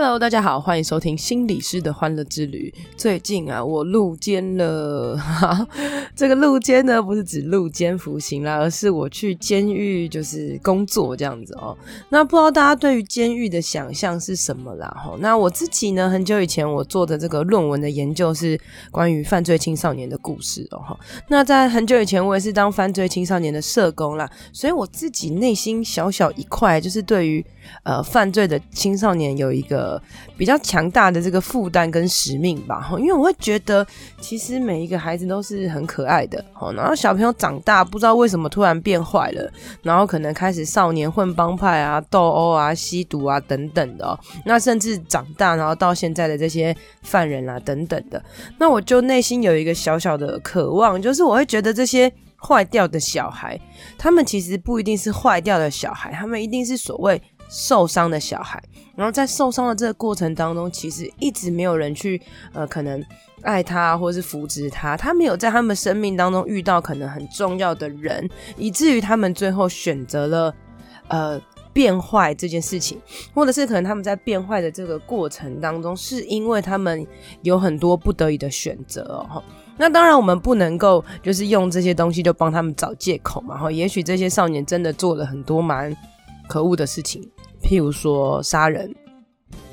Hello，大家好，歡迎收聽心理師的歡樂之旅。最近啊，我入監了。哈， 這個入監呢，不是指入監服刑啦，而是我去監獄就是工作這樣子哦、喔。那不知道大家對於監獄的想象是什麼啦？哈，那我自己呢，很久以前我做的這個論文的研究是關於犯罪青少年的故事哦、喔。那在很久以前，我也是當犯罪青少年的社工啦，所以我自己內心小小一塊就是對於。呃，犯罪的青少年有一個比較強大的這個負擔跟使命吧，因為我會覺得，其實每一個孩子都是很可愛的哦。然後小朋友長大，不知道為什麼突然變壞了，然後可能開始少年混幫派啊、鬥毆啊、吸毒啊等等的哦。那甚至長大，然後到現在的這些犯人啊等等的，那我就內心有一個小小的渴望，就是我會覺得這些壞掉的小孩，他們其實不一定是壞掉的小孩，他們一定是所謂。受傷的小孩，然後在受傷的這個過程當中，其實一直沒有人去呃，可能愛他或是扶持他，他沒有在他們生命當中遇到可能很重要的人，以至於他們最後選擇了呃變壞這件事情，或者是可能他們在變壞的這個過程當中，是因為他們有很多不得已的選擇哦。那當然，我們不能夠就是用這些東西就幫他們找借口嘛。哈，也許這些少年真的做了很多蠻可惡的事情。譬如說殺人，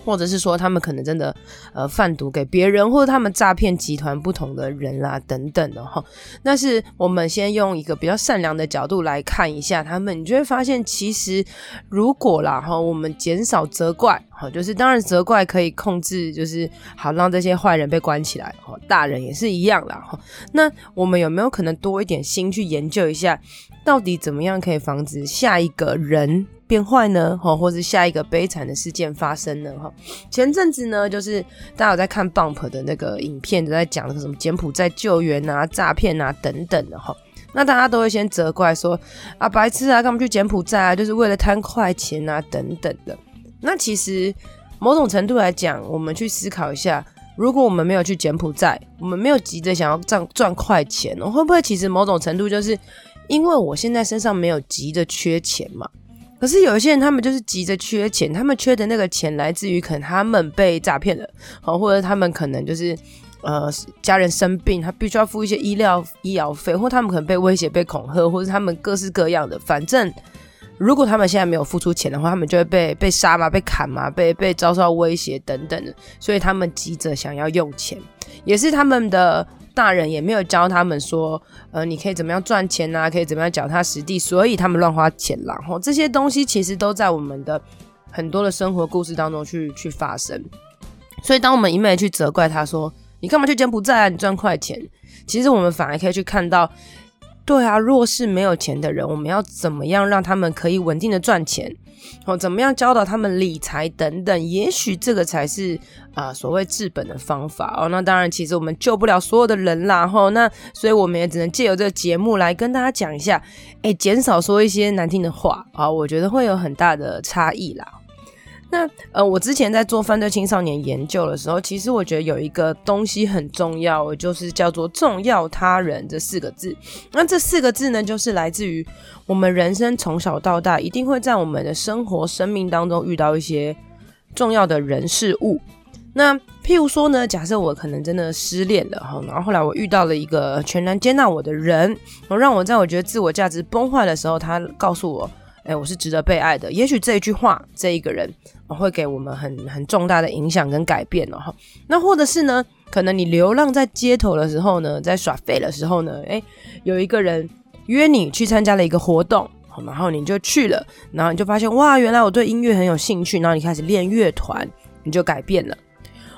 或者是說他們可能真的呃販毒給別人，或者他們詐騙集團不同的人啦、啊、等等的哈。那是我們先用一個比較善良的角度來看一下他們，你就會發現其實如果啦哈，我們減少責怪哈，就是當然責怪可以控制，就是好讓這些壞人被關起來哈。大人也是一樣啦哈。那我們有沒有可能多一點心去研究一下，到底怎麼樣可以防止下一個人？變壞呢，哈，或是下一個悲慘的事件發生呢，哈。前陣子呢，就是大家有在看 Bump 的那個影片，都在講那個什麼柬埔寨救援啊、詐騙啊等等的，哈。那大家都會先責怪說啊，白痴啊，幹嘛去柬埔寨啊？就是為了貪快錢啊，等等的。那其實某種程度來講，我們去思考一下，如果我們沒有去柬埔寨，我們沒有急着想要賺賺快錢，會不會其實某種程度就是因為我現在身上沒有急着缺錢嘛？可是有一些人，他們就是急着缺錢，他們缺的那個錢來自於可能他們被詐騙了，哦，或者他們可能就是呃家人生病，他必須要付一些醫療醫療費，或他們可能被威脅、被恐嚇，或者他們各式各樣的。反正如果他們現在沒有付出錢的話，他們就會被被殺嘛、被砍嘛、被被遭受到威脅等等。所以他們急着想要用錢，也是他們的。大人也沒有教他們說，呃，你可以怎麼樣賺錢啊？可以怎麼樣腳踏實地？所以他們亂花錢了。然後這些東西其實都在我們的很多的生活故事當中去去發生。所以當我們一味去責怪他說，你幹嘛去柬埔寨啊？你賺快錢？其實我們反而可以去看到。對啊，若是沒有錢的人，我們要怎麼樣讓他們可以穩定的賺錢？哦，怎麼樣教導他們理財等等？也許這個才是啊、呃、所謂治本的方法哦。那當然，其實我們救不了所有的人啦。吼、哦，那所以我們也只能借由這個節目來跟大家講一下，誒減少說一些難聽的話啊、哦，我覺得會有很大的差異啦。那呃，我之前在做犯罪青少年研究的時候，其實我覺得有一個東西很重要，就是叫做“重要他人”這四個字。那這四個字呢，就是來自於我們人生從小到大，一定會在我們的生活生命當中遇到一些重要的人事物。那譬如說呢，假設我可能真的失戀了哈，然後後來我遇到了一個全然接納我的人，然後讓我在我覺得自我價值崩壞的時候，他告訴我：“哎，我是值得被愛的。”也許這一句話，這一個人。會給我們很很重大的影響跟改變，哦。那或者是呢，可能你流浪在街頭的時候呢，在耍廢的時候呢，誒，有一個人約你去參加了一個活動，然後你就去了，然後你就發現哇，原來我對音樂很有興趣，然後你開始練樂團，你就改變了。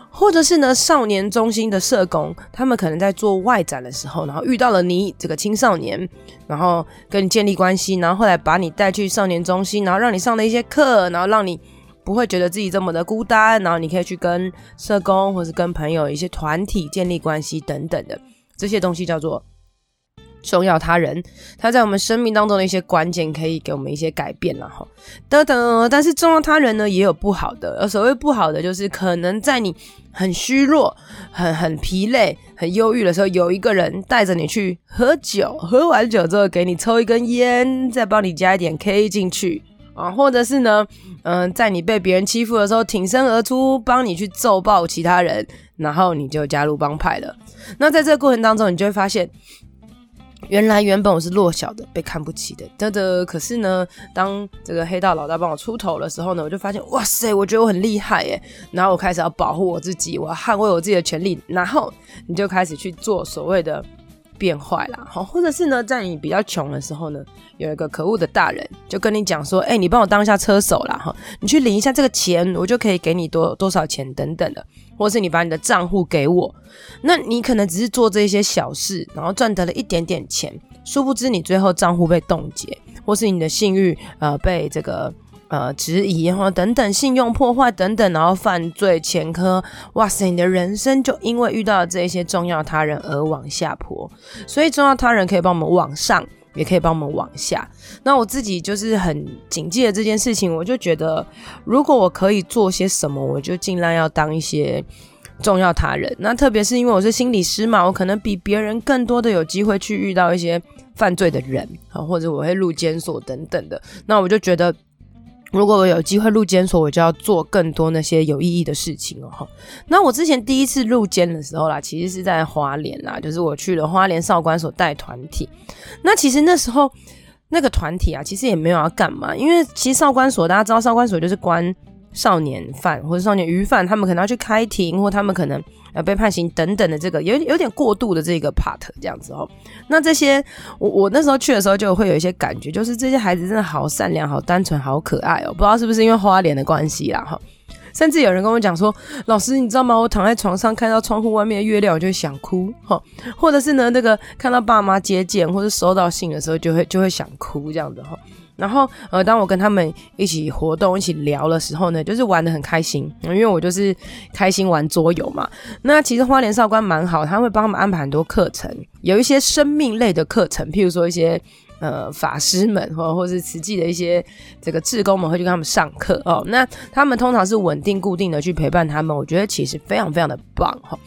或者是呢，少年中心的社工，他們可能在做外展的時候，然後遇到了你這個青少年，然後跟你建立關係，然後後來把你帶去少年中心，然後讓你上了一些課，然後讓你。不會覺得自己這麼的孤單，然後你可以去跟社工，或是跟朋友一些團體建立關係等等的，這些東西叫做重要他人。他在我們生命當中的一些關鍵，可以給我們一些改變，然後等等。但是重要他人呢，也有不好的，而所謂不好的，就是可能在你很虛弱，很很疲累、很憂鬱的時候，有一個人帶着你去喝酒，喝完酒之後給你抽一根菸，再幫你加一點 K 進去。啊，或者是呢，嗯、呃，在你被別人欺負的時候，挺身而出，幫你去揍爆其他人，然後你就加入幫派了。那在這個過程當中，你就會發現，原來原本我是弱小的，被看不起的，等等，可是呢，當這個黑道老大幫我出頭的時候呢，我就發現，哇塞，我覺得我很厲害耶。然後我開始要保護我自己，我要捍衛我自己的權利。然後你就開始去做所謂的。變壞啦，好，或者是呢，在你比較窮的時候呢，有一個可惡的大人就跟你講說，哎、欸，你幫我當一下車手啦，你去領一下這個錢，我就可以給你多多少錢等等的，或是你把你的賬戶給我，那你可能只是做這些小事，然後賺得了一點點錢，殊不知你最後賬戶被凍結，或是你的信譽呃被這個。呃，質疑或等等，信用破壞等等，然後犯罪前科，哇塞，你的人生就因為遇到了這些重要他人而往下坡。所以重要他人可以幫我們往上，也可以幫我們往下。那我自己就是很謹記的這件事情，我就覺得如果我可以做些什麼，我就儘量要當一些重要他人。那特別是因為我是心理師嘛，我可能比別人更多的有機會去遇到一些犯罪的人啊，或者我會入監所等等的。那我就覺得。如果我有機會入監所，我就要做更多那些有意義的事情哦。那我之前第一次入監的時候啦，其實是在花蓮啦，就是我去了花蓮少管所帶團體。那其實那時候那個團體啊，其實也沒有要幹嘛，因為其實少管所大家知道，少管所就是關。少年犯或者少年虞犯，他們可能要去開庭，或他們可能被判刑等等的這個有有點過度的這個 part 這樣子哦。那這些我我那時候去的時候就會有一些感覺，就是這些孩子真的好善良、好單純、好可愛哦、喔。不知道是不是因為花蓮的關係啦哈。甚至有人跟我講說，老師你知道嗎？我躺在床上看到窗戶外面的月亮，我就會想哭哈。或者是呢那個看到爸媽接見或是收到信的時候，就會就會想哭這樣子哈。然後，呃，當我跟他們一起活動、一起聊的時候呢，就是玩得很開心。因為我就是開心玩桌遊嘛。那其實花蓮少觀蠻好，他會幫他們安排很多課程，有一些生命類的課程，譬如說一些呃法師們或或者是慈濟的一些這個志工們會去跟他們上課哦。那他們通常是穩定固定的去陪伴他們，我覺得其實非常非常的棒哈、哦。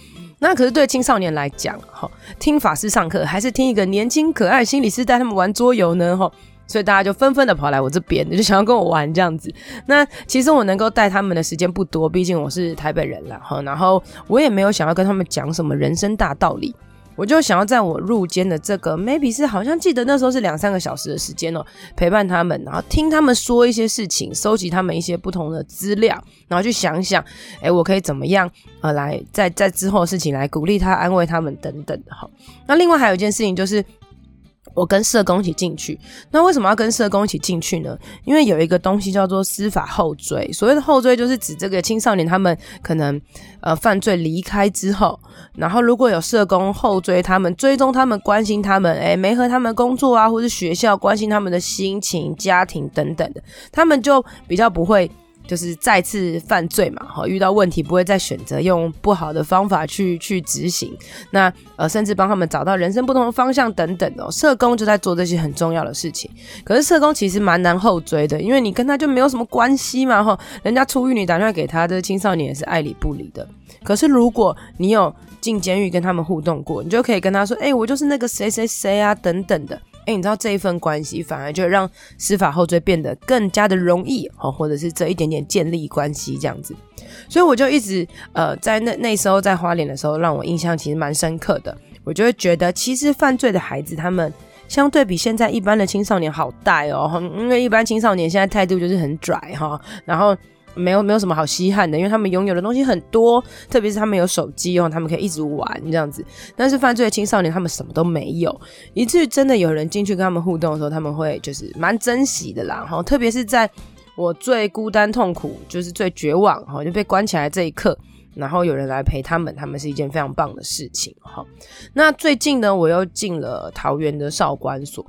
那可是對青少年來講，哈、哦，聽法師上課還是聽一個年輕可愛的心理師帶他們玩桌遊呢？哈、哦。所以大家就紛紛的跑來我這邊，就想要跟我玩這樣子。那其實我能夠帶他們的時間不多，畢竟我是台北人了哈。然後我也沒有想要跟他們講什麼人生大道理，我就想要在我入監的這個，maybe 是好像記得那時候是兩三個小時的時間哦、喔，陪伴他們，然後聽他們說一些事情，收集他們一些不同的資料，然後去想想，誒、欸，我可以怎麼樣呃來在在之後的事情來鼓勵他、安慰他們等等的哈。那另外還有一件事情就是。我跟社工一起進去，那為什麼要跟社工一起進去呢？因為有一個東西叫做司法後追，所謂的後追就是指這個青少年他們可能呃犯罪離開之後，然後如果有社工後追他們，追蹤他們，關心他們，誒、欸，沒和他們工作啊，或是學校關心他們的心情、家庭等等的，他們就比較不會。就是再次犯罪嘛，哈，遇到問題不會再選擇用不好的方法去去執行，那呃，甚至幫他們找到人生不同的方向等等哦，社工就在做這些很重要的事情。可是社工其實蠻難後追的，因為你跟他就沒有什麼關係嘛，哈，人家出獄你打電話給他的，這青少年也是愛理不理的。可是如果你有進監獄跟他們互動過，你就可以跟他說，誒、欸，我就是那個誰誰誰啊，等等的。哎，你知道這一份關係，反而就讓司法後追變得更加的容易、哦、或者是這一點點建立關係這樣子，所以我就一直呃，在那那時候在花蓮的時候，讓我印象其實蠻深刻的。我就會覺得，其實犯罪的孩子他們相對比現在一般的青少年好帶哦，因、嗯、為一般青少年現在態度就是很拽，哈、哦，然後。沒有沒有什麼好稀罕的，因為他們擁有的東西很多，特別是他們有手機哦，他們可以一直玩這樣子。但是犯罪的青少年他們什麼都沒有，以至於真的有人進去跟他們互動的時候，他們會就是蠻珍惜的啦。哈，特別是在我最孤單、痛苦、就是最絕望，哈，就被關起來這一刻，然後有人來陪他們，他們是一件非常棒的事情。哈，那最近呢，我又進了桃園的少觀所。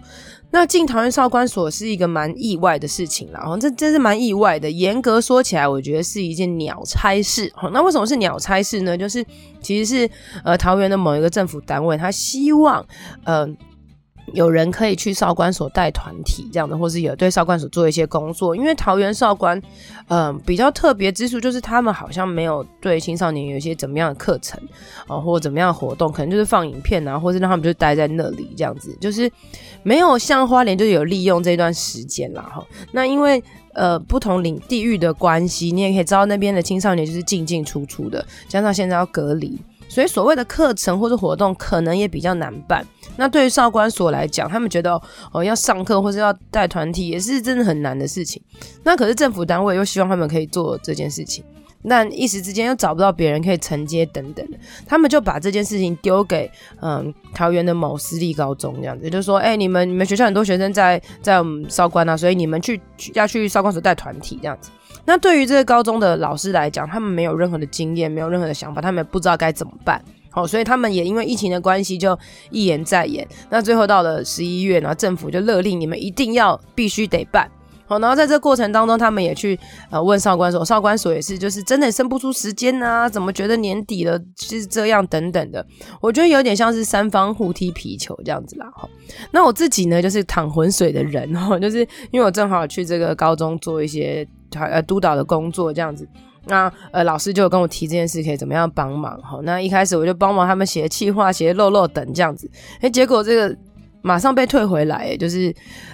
那進桃園少管所是一個蠻意外的事情啦，嗯，這真是蠻意外的。嚴格說起來，我覺得是一件鳥差事，嗯。那為什麼是鳥差事呢？就是其實是呃，桃園的某一個政府單位，他希望，呃。有人可以去少觀所帶團體這樣的，或是有對少觀所做一些工作，因為桃園少觀，嗯、呃，比較特別之處就是他們好像沒有對青少年有一些怎麼樣的課程，啊、哦，或怎麼樣的活動，可能就是放影片啊，或是讓他們就待在那裡這樣子，就是沒有像花蓮就有利用這段時間啦。哈。那因為呃不同領地域的關係，你也可以知道那邊的青少年就是進進出出的，加上現在要隔離。所以所謂的課程或者活動，可能也比較難辦。那對於少觀所來講，他們覺得哦、呃、要上課或是要帶團體，也是真的很難的事情。那可是政府單位又希望他們可以做這件事情，那一時之間又找不到別人可以承接等等，他們就把這件事情丟給嗯桃園的某私立高中這樣子，也就是說，哎、欸、你們你們學校很多學生在在我們少觀啊，所以你們去要去少觀所帶團體這樣子。那對於這個高中的老師來講，他們沒有任何的經驗，沒有任何的想法，他們也不知道該怎麼辦。好、哦，所以他們也因為疫情的關係，就一延再延。那最後到了十一月，然後政府就勒令你們一定要必須得辦。好、哦，然後在這過程當中，他們也去呃問少管所，少管所也是就是真的生不出時間啊，怎麼覺得年底了，就是這樣等等的。我覺得有點像是三方互踢皮球這樣子啦。好、哦，那我自己呢，就是淌渾水的人哦，就是因為我正好去這個高中做一些。呃，督導的工作這樣子，那呃，老師就跟我提這件事，可以怎麼樣幫忙？那一開始我就幫忙他們寫企劃、寫漏漏等這樣子，哎、欸，結果這個馬上被退回來、欸，就是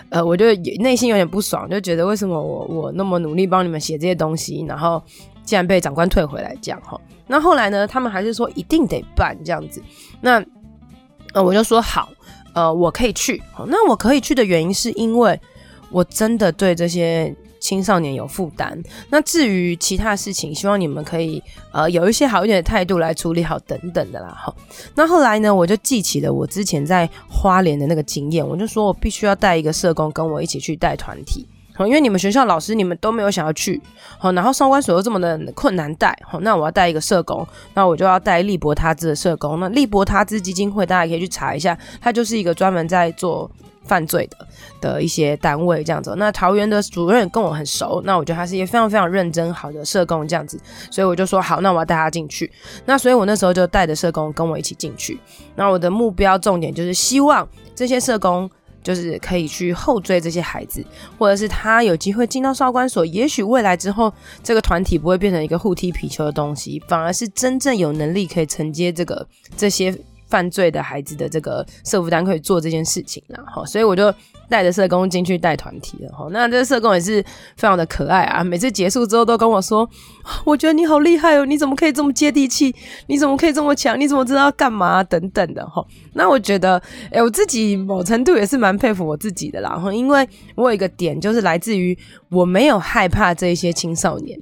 呃，我就內心有點不爽，就覺得為什麼我我那麼努力幫你們寫這些東西，然後竟然被長官退回來這樣？齁，那後來呢，他們還是說一定得辦這樣子，那那、呃、我就說好，呃，我可以去。那我可以去的原因是因為我真的對這些。青少年有負擔，那至於其他的事情，希望你們可以呃有一些好一點的態度來處理好等等的啦。好，那後來呢，我就記起了我之前在花蓮的那個經驗，我就說我必須要帶一個社工跟我一起去帶團體。好，因為你們學校老師你們都沒有想要去，好，然後少觀所又這麼的困難帶，好，那我要帶一個社工，那我就要帶利伯他茲的社工。那利伯他茲基金會大家可以去查一下，它就是一個專門在做。犯罪的的一些單位這樣子，那桃園的主任跟我很熟，那我覺得他是一個非常非常認真好的社工這樣子，所以我就說好，那我要帶他進去。那所以我那時候就帶着社工跟我一起進去。那我的目標重點就是希望這些社工就是可以去後追這些孩子，或者是他有機會進到少觀所，也許未來之後這個團體不會變成一個互踢皮球的東西，反而是真正有能力可以承接這個這些。犯罪的孩子的這個社福單位可以做這件事情了齁，所以我就帶着社工進去帶團體了齁。那這社工也是非常的可愛啊，每次結束之後都跟我說，我覺得你好厲害哦，你怎麼可以這麼接地氣，你怎麼可以這麼強，你怎麼知道要幹嘛、啊、等等的齁。那我覺得，哎、欸，我自己某程度也是蠻佩服我自己的啦，因為，我有一個點就是來自於我沒有害怕這一些青少年。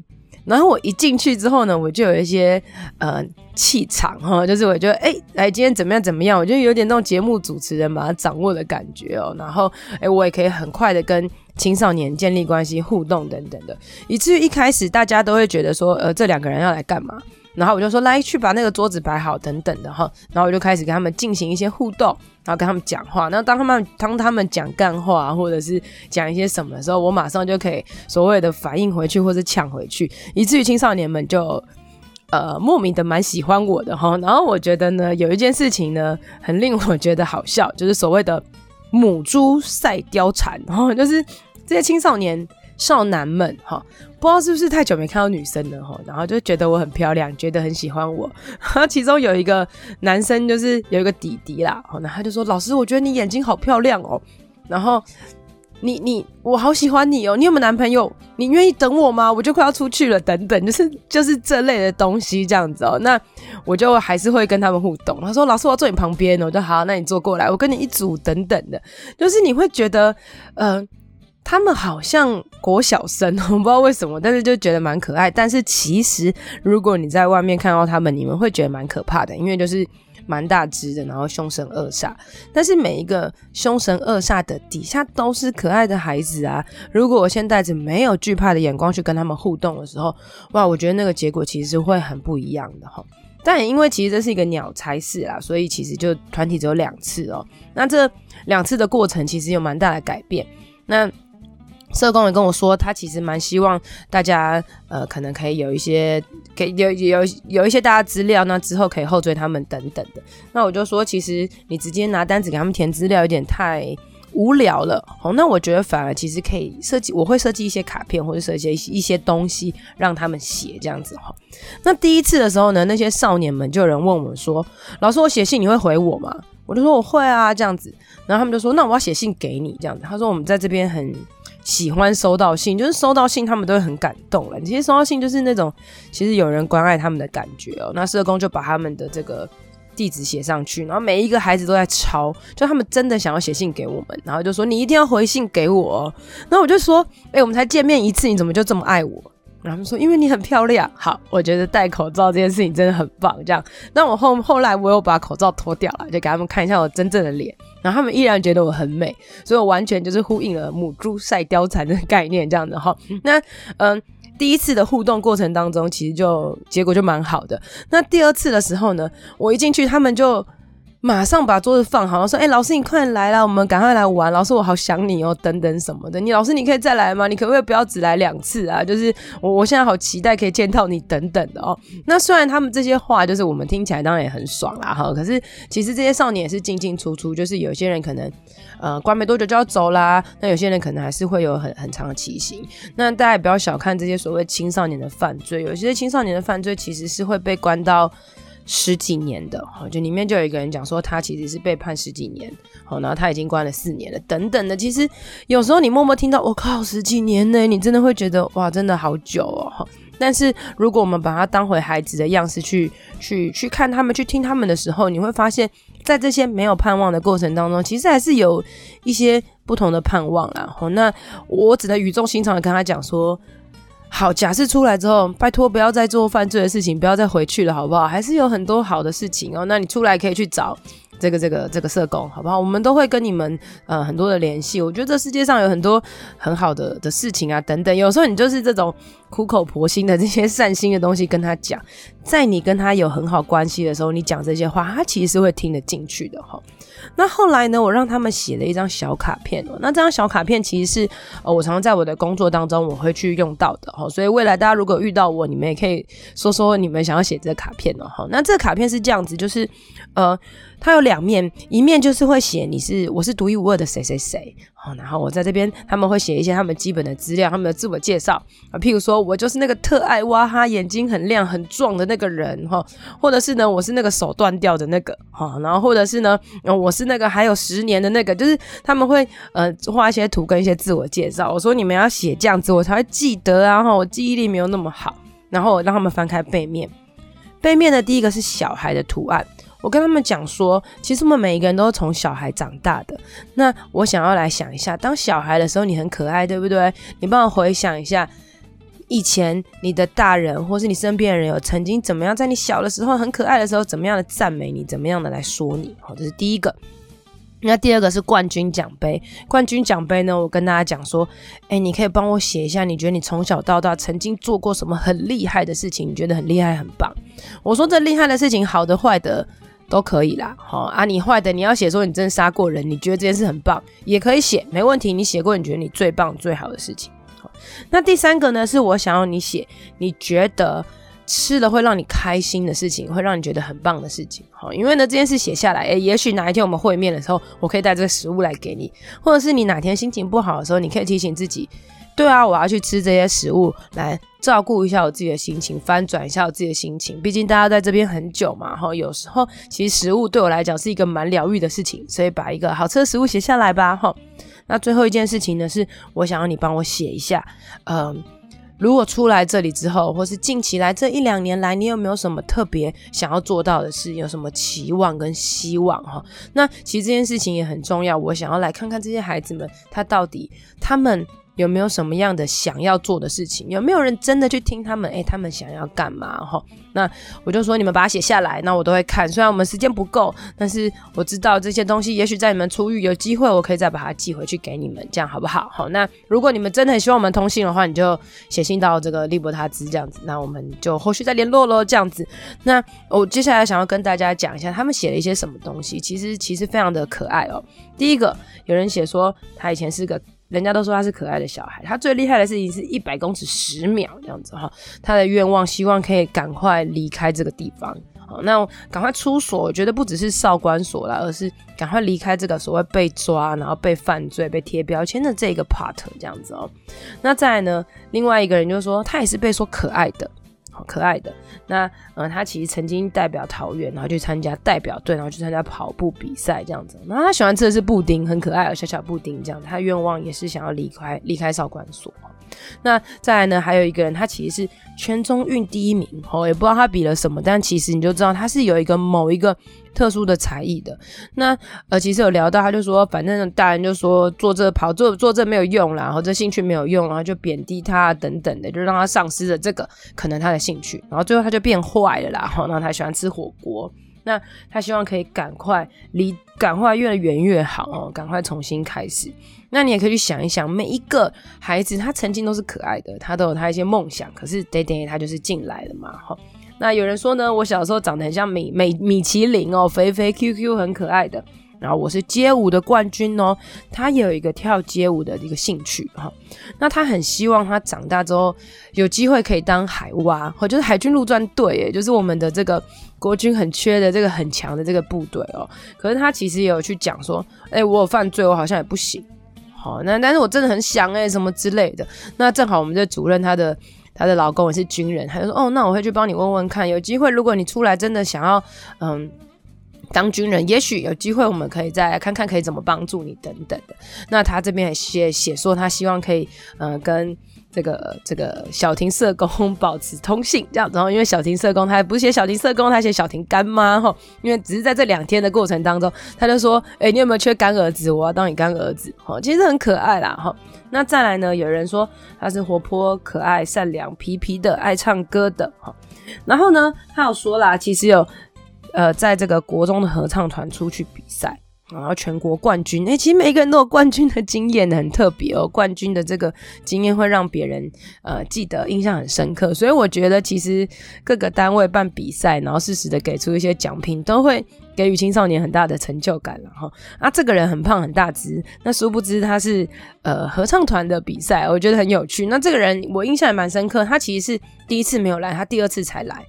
然後我一進去之後呢，我就有一些呃氣場哈，就是我覺得哎，來今天怎麼樣怎麼樣，我就有點那種節目主持人把它掌握的感覺哦。然後哎、欸，我也可以很快的跟青少年建立關係、互動等等的，以至於一開始大家都會覺得說，呃，這兩個人要來幹嘛？然後我就說，來去把那個桌子擺好等等的哈，然後我就開始跟他們進行一些互動，然後跟他們講話。那當他們當他們講幹話或者是講一些什麼的時候，我馬上就可以所謂的反應回去或者搶回去，以至於青少年們就呃莫名的蠻喜歡我的哈。然後我覺得呢，有一件事情呢很令我覺得好笑，就是所謂的母豬賽貂蟬，然後就是這些青少年。少男們哈、哦，不知道是不是太久沒看到女生了哈，然後就覺得我很漂亮，覺得很喜歡我。然後其中有一個男生就是有一個弟弟啦，然後他就說：“老師，我覺得你眼睛好漂亮哦，然後你你我好喜歡你哦，你有沒有男朋友？你願意等我嗎？我就快要出去了，等等，就是就是這類的東西這樣子哦。那我就還是會跟他們互動。他說：“老師，我要坐你旁邊。”我就好，那你坐過來，我跟你一組等等的，就是你會覺得呃。他們好像國小生，我不知道為什麼，但是就覺得蠻可愛。但是其實，如果你在外面看到他們，你們會覺得蠻可怕的，因為就是蠻大隻的，然後兇神惡煞。但是每一個兇神惡煞的底下都是可愛的孩子啊！如果我現在是沒有懼怕的眼光去跟他們互動的時候，哇，我覺得那個結果其實會很不一樣的哈。但也因為其實這是一個鳥差事啦，所以其實就團體只有兩次哦、喔。那這兩次的過程其實有蠻大的改變，那。社工也跟我說，他其實蠻希望大家，呃，可能可以有一些，給有有有一些大家資料，那之後可以後追他們等等的。那我就說，其實你直接拿單子給他們填資料，有點太無聊了。好，那我覺得反而其實可以設計，我會設計一些卡片或者設計一些東西讓他們寫這樣子哈。那第一次的時候呢，那些少年們就有人問我們說：“老師，我寫信你會回我嗎？”我就說：“我會啊，這樣子。”然後他們就說：“那我要寫信給你這樣子。”他說：“我們在這邊很。”喜歡收到信，就是收到信，他們都會很感動了。其實收到信就是那種，其實有人關愛他們的感覺哦。那社工就把他們的這個地址寫上去，然後每一個孩子都在抄，就他們真的想要寫信給我們，然後就說你一定要回信給我。那我就說，哎，我們才見面一次，你怎麼就這麼愛我？然後他們說，因為你很漂亮。好，我覺得戴口罩這件事情真的很棒。這樣，那我後後來我又把口罩脫掉了，就給他們看一下我真正的臉。然後他們依然覺得我很美，所以我完全就是呼應了“母豬賽貂蟬”的概念，這樣子哈、哦。那嗯，第一次的互動過程當中，其實就結果就蠻好的。那第二次的時候呢，我一進去，他們就。馬上把桌子放好，說：“哎、欸，老師，你快來啦！我們趕快來玩。老師，我好想你哦、喔，等等什麼的。你老師，你可以再來嗎？你可不可以不要只來兩次啊？就是我，我現在好期待可以見到你，等等的哦、喔。那雖然他們這些話，就是我們聽起來當然也很爽啦，哈。可是其實這些少年也是進進出出，就是有些人可能呃關沒多久就要走啦，那有些人可能還是會有很很長的期刑。那大家也不要小看這些所謂青少年的犯罪，有些青少年的犯罪其實是會被關到。”十幾年的，就裡面就有一個人講說，他其實是被判十幾年，然後他已經關了四年了，等等的。其實有時候你默默聽到，我靠，十幾年呢，你真的會覺得哇，真的好久哦。但是如果我們把它當回孩子的樣式去去去看他們，去聽他們的時候，你會發現在這些沒有盼望的過程當中，其實還是有一些不同的盼望啦。那我只能語重心長的跟他講說。好，假釋出來之後，拜託不要再做犯罪的事情，不要再回去了，好不好？還是有很多好的事情哦、喔，那你出來可以去找。這個這個這個社工，好不好？我們都會跟你們呃很多的聯繫。我覺得這世界上有很多很好的的事情啊，等等。有時候你就是這種苦口婆心的這些善心的東西跟他講，在你跟他有很好關係的時候，你講這些話，他其實是會聽得進去的哈、哦。那後來呢，我讓他們寫了一張小卡片。哦、那這張小卡片其實是呃、哦、我常常在我的工作當中我會去用到的哈、哦。所以未來大家如果遇到我，你們也可以說說你們想要寫這個卡片了哈、哦。那這個卡片是這樣子，就是。呃，它有兩面，一面就是會寫你是我是獨一無二的誰誰誰哦，然後我在這邊他們會寫一些他們基本的資料，他們的自我介紹啊，譬如說我就是那個特愛哇哈眼睛很亮很壯的那個人哈、哦，或者是呢，我是那個手斷掉的那個哈、哦，然後或者是呢、呃、我是那個還有十年的那個，就是他們會呃畫一些圖跟一些自我介紹，我說你們要寫這樣子我才會記得啊，然後我記憶力沒有那麼好，然後我讓他們翻開背面，背面的第一個是小孩的圖案。我跟他們講說，其實我們每一個人都是從小孩長大的。那我想要來想一下，當小孩的時候你很可愛，對不對？你幫我回想一下，以前你的大人或是你身邊的人有曾經怎麼樣，在你小的時候很可愛的時候，怎麼樣的讚美你，怎麼樣的來說你？好，這是第一個。那第二個是冠軍獎杯。冠軍獎杯呢，我跟大家講說，哎，你可以幫我寫一下，你覺得你從小到大曾經做過什麼很厲害的事情？你覺得很厲害、很棒？我說這厲害的事情好得得，好的、壞的。都可以啦，好啊，你壞的，你要寫說你真殺過人，你覺得這件事很棒，也可以寫，沒問題，你寫過你覺得你最棒最好的事情。好，那第三個呢，是我想要你寫你覺得吃了會讓你開心的事情，會讓你覺得很棒的事情。好，因為呢這件事寫下來，欸，也許哪一天我們會面的時候，我可以帶這個食物來給你，或者是你哪天心情不好的時候，你可以提醒自己。對啊，我要去吃這些食物來照顧一下我自己的心情，翻轉一下我自己的心情。畢竟大家在這邊很久嘛，齁。有時候其實食物對我來講是一個蠻療癒的事情，所以把一個好吃的食物寫下來吧，齁。那最後一件事情呢，是我想要你幫我寫一下，嗯，如果出來這裡之後，或是近期來這一兩年來，你有沒有什麼特別想要做到的事，有什麼期望跟希望？齁。那其實這件事情也很重要，我想要來看看這些孩子們，他到底他們。有沒有什麼樣的想要做的事情？有沒有人真的去聽他們？誒、欸，他們想要幹嘛？齁，那我就說你們把它寫下來，那我都會看。雖然我們時間不夠，但是我知道這些東西，也許在你們出獄有機會，我可以再把它寄回去給你們，這樣好不好？齁，那如果你們真的很希望我們通信的話，你就寫信到這個利伯塔茲這樣子，那我們就後續再聯絡嘍，這樣子。那我接下來想要跟大家講一下，他們寫了一些什麼東西，其實其實非常的可愛哦、喔。第一個有人寫說，他以前是個。人家都說他是可愛的小孩，他最厲害的事情是一百公尺十秒這樣子哈。他的願望希望可以趕快離開這個地方，哦，那趕快出所，我覺得不只是少管所啦，而是趕快離開這個所謂被抓，然後被犯罪、被貼標籤的這個 part 這樣子哦、喔。那再來呢，另外一個人就是說，他也是被說可愛的。可愛的那，呃，他其實曾經代表桃園，然後去參加代表隊，然後去參加跑步比賽這樣子。那他喜歡吃的是布丁，很可愛的小小布丁，這樣子。他願望也是想要離開離開少觀所。那再來呢？還有一個人，他其實是全中運第一名哦，也不知道他比了什麼，但其實你就知道他是有一個某一個特殊的才藝的。那呃，其實有聊到，他就說，反正大人就說做這跑做，做這沒有用啦，然後這興趣沒有用，然後就貶低他等等的，就讓他喪失了這個可能他的興趣，然後最後他就變壞了啦。然後他喜歡吃火鍋，那他希望可以趕快離，趕快越遠越，越好哦，趕快重新開始。那你也可以去想一想，每一個孩子他曾經都是可愛的，他都有他一些夢想。可是等等他就是進來了嘛，哈。那有人說呢，我小時候長得很像米米米其林哦，喔，肥肥 Q Q 很可愛的。然後我是街舞的冠軍哦，喔，他也有一個跳街舞的一個興趣哈。那他很希望他長大之後有機會可以當海蛙或就是海軍陸戰隊哎，就是我們的這個國軍很缺的這個很強的這個部隊哦，喔。可是他其實也有去講說，哎，欸，我有犯罪，我好像也不行。好，那但是我真的很想哎、欸，什麼之類的。那正好我們這主任他的，她的她的老公也是軍人，他就說，哦，那我會去幫你問問看。有機會，如果你出來真的想要，嗯，當軍人，也許有機會我們可以再來看看可以怎麼幫助你等等的。那他這邊也寫寫說，他希望可以，嗯、呃，跟。這個這個小婷社工保持通信，這樣子，然後，哦，因為小婷社工，他不寫小婷社工，他寫小婷乾媽哈、哦，因為只是在這兩天的過程當中，他就說，哎，你有沒有缺乾兒子？我要當你乾兒子哈、哦，其實很可愛啦哈、哦。那再來呢，有人說他是活潑、可愛、善良、皮皮的，愛唱歌的哈、哦。然後呢，他有說啦，其實有呃，在這個國中的合唱團出去比賽。然後全國冠軍，哎，其實每一個人都有冠軍的經驗，很特別哦。冠軍的這個經驗會讓別人呃記得印象很深刻，所以我覺得其實各個單位辦比賽，然後適時的給出一些獎品，都會。給予青少年很大的成就感了哈。那、啊、這個人很胖很大隻，那殊不知他是呃合唱團的比賽，我覺得很有趣。那這個人我印象還蠻深刻，他其實是第一次沒有來，他第二次才來，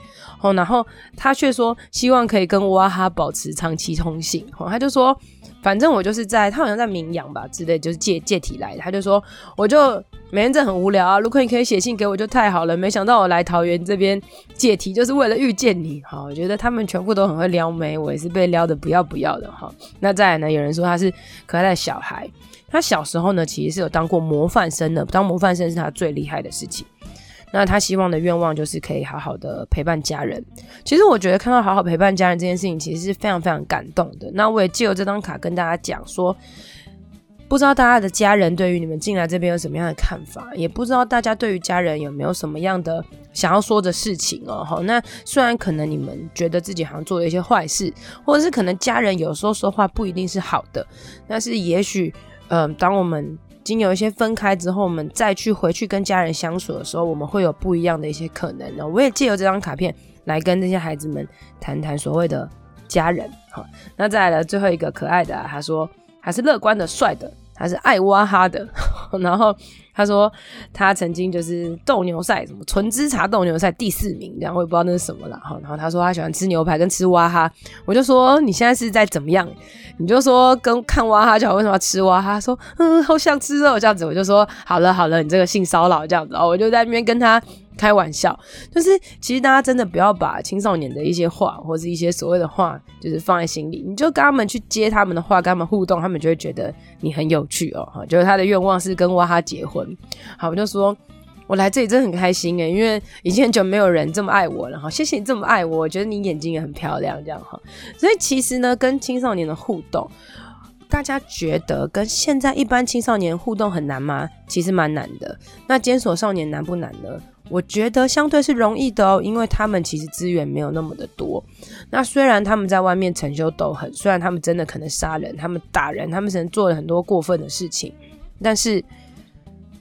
然後他卻說希望可以跟哇哈保持長期通信，他就說反正我就是在他好像在明陽吧之類，就是借借體來的，他就說我就。沒人這很無聊啊！如果你可以寫信給我，就太好了。沒想到我來桃園這邊解題，就是為了遇見你。哈，我覺得他們全部都很會撩妹，我也是被撩得不要不要的。哈，那再來呢？有人說他是可愛的小孩，他小時候呢，其實是有當過模範生的。當模範生是他最厲害的事情。那他希望的願望就是可以好好的陪伴家人。其實我覺得看到好好陪伴家人這件事情，其實是非常非常感動的。那我也借由這張卡跟大家講說。不知道大家的家人對於你們進來這邊有什麼樣的看法？也不知道大家對於家人有沒有什麼樣的想要說的事情哦、喔。好，那雖然可能你們覺得自己好像做了一些壞事，或者是可能家人有時候說話不一定是好的，但是也許，嗯、呃，當我們經有一些分開之後，我們再去回去跟家人相處的時候，我們會有不一樣的一些可能、喔。呢。我也借由這張卡片來跟這些孩子們談談所謂的家人。好，那再來了最後一個可愛的、啊，他說。還是樂觀的、帥的，還是愛哇哈的。 然後他說，他曾經就是鬥牛賽什麼純喫茶鬥牛賽第四名，然後我也不知道那是什麼了。然後他說他喜歡吃牛排跟吃哇哈，我就說，你現在是在怎麼樣？你就說跟看哇哈就好，為什麼要吃哇哈？說嗯，好想吃肉這樣子。我就說好了好了，你這個性騷擾這樣子哦，然後我就在那邊跟他開玩笑，就是其實大家真的不要把青少年的一些話，或是一些所謂的話，就是放在心裡。你就跟他們去接他們的話，跟他們互動，他們就會覺得你很有趣哦。哈，就是他的願望是跟哇哈結婚。好，我就說我來這裡真的很開心哎，因為已經很久沒有人這麼愛我了。哈，謝謝你這麼愛我，我覺得你眼睛也很漂亮，這樣哈。所以其實呢，跟青少年的互動，大家覺得跟現在一般青少年互動很難嗎？其實蠻難的。那監所少年難不難呢？我覺得相對是容易的哦，因為他們其實資源沒有那麼的多。那雖然他們在外面成就都很，雖然他們真的可能殺人，他們打人，他們可能做了很多過分的事情，但是，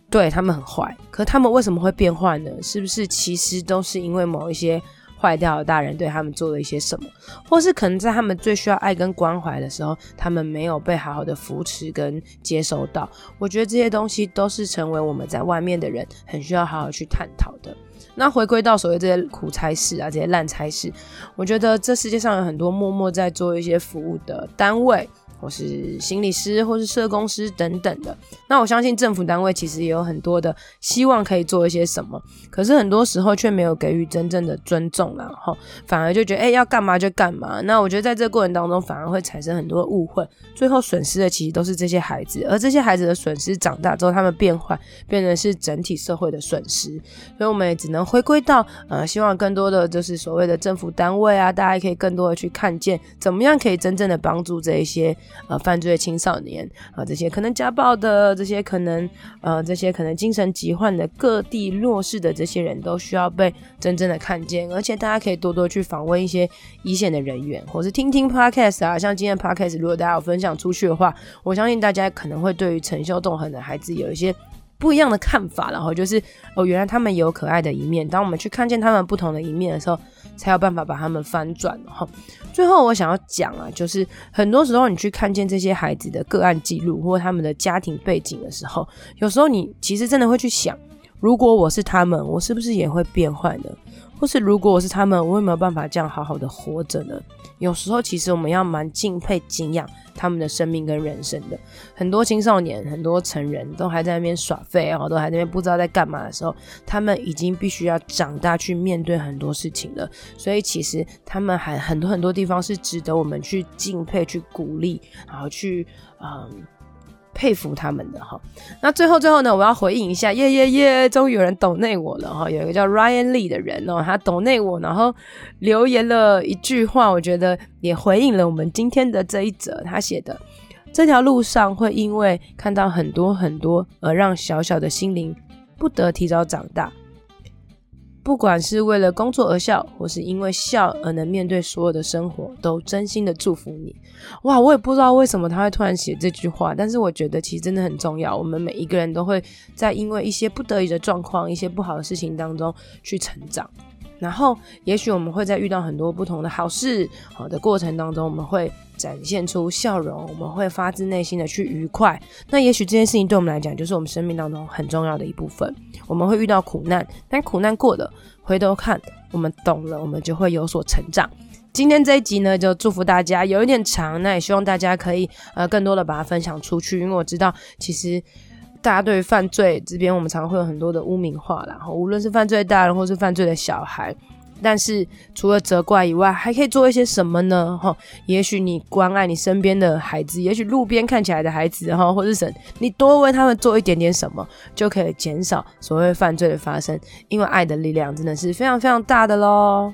對，對他們很壞。可他們為什麼會變壞呢？是不是其實都是因為某一些？壞掉的大人對他們做了一些什麼，或是可能在他們最需要愛跟關懷的時候，他們沒有被好好的扶持跟接收到。我覺得這些東西都是成為我們在外面的人很需要好好去探討的。那回歸到所謂這些苦差事啊，這些爛差事，我覺得這世界上有很多默默在做一些服務的單位。或是心理師，或是社工師等等的。那我相信政府單位其實也有很多的希望可以做一些什麼，可是很多時候卻沒有給予真正的尊重，然後反而就覺得哎、欸、要幹嘛就幹嘛。那我覺得在這個過程當中，反而會產生很多誤會，最後損失的其實都是這些孩子，而這些孩子的損失長大之後，他們變壞，變成是整體社會的損失。所以我們也只能回歸到呃，希望更多的就是所謂的政府單位啊，大家也可以更多的去看見怎麼樣可以真正的幫助這一些。呃，犯罪青少年啊、呃，這些可能家暴的，這些可能，呃，這些可能精神疾患的，各地弱勢的這些人都需要被真正的看見，而且大家可以多多去訪問一些一線的人員，或是聽聽 podcast 啊。像今天 podcast，如果大家有分享出去的話，我相信大家可能會對於逞兇鬥狠的孩子有一些不一樣的看法。然後就是哦、呃，原來他們也有可愛的一面。當我們去看見他們不同的一面的時候。才有辦法把他們翻轉哈。最後我想要講啊，就是很多時候你去看見這些孩子的個案記錄或他們的家庭背景的時候，有時候你其實真的會去想，如果我是他們，我是不是也會變壞呢？或是如果我是他們，我有沒有辦法這樣好好的活着呢？有時候其實我們要蠻敬佩、敬仰他們的生命跟人生的。很多青少年、很多成人都還在那邊耍廢哦，然後都還在那邊不知道在幹嘛的時候，他們已經必須要長大去面對很多事情了。所以其實他們還很多很多地方是值得我們去敬佩、去鼓勵，然後去，嗯。佩服他們的哈，那最後最後呢，我要回應一下，耶耶耶，終於有人懂內我了哈，有一個叫 Ryan Lee 的人哦，他懂內我，然後留言了一句話，我覺得也回應了我們今天的這一則，他寫的這條路上會因為看到很多很多而讓小小的心靈不得提早長大。不管是為了工作而笑，或是因為笑而能面對所有的生活，都真心的祝福你。哇，我也不知道為什麼他會突然寫這句話，但是我覺得其實真的很重要。我們每一個人都會在因為一些不得已的狀況、一些不好的事情當中去成長，然後也許我們會在遇到很多不同的好事好的過程當中，我們會。展現出笑容，我們會發自內心的去愉快。那也許這件事情對我們來講，就是我們生命當中很重要的一部分。我們會遇到苦難，但苦難過了，回頭看，我們懂了，我們就會有所成長。今天這一集呢，就祝福大家，有一點長，那也希望大家可以呃更多的把它分享出去，因為我知道其實大家對於犯罪這邊，我們常常會有很多的汙名化，然後無論是犯罪大人或是犯罪的小孩。但是除了責怪以外，還可以做一些什麼呢？吼，也許你關愛你身邊的孩子，也許路邊看起來的孩子，吼，或是什，你多為他們做一點點什麼，就可以減少所謂犯罪的發生。因為愛的力量真的是非常非常大的嘍。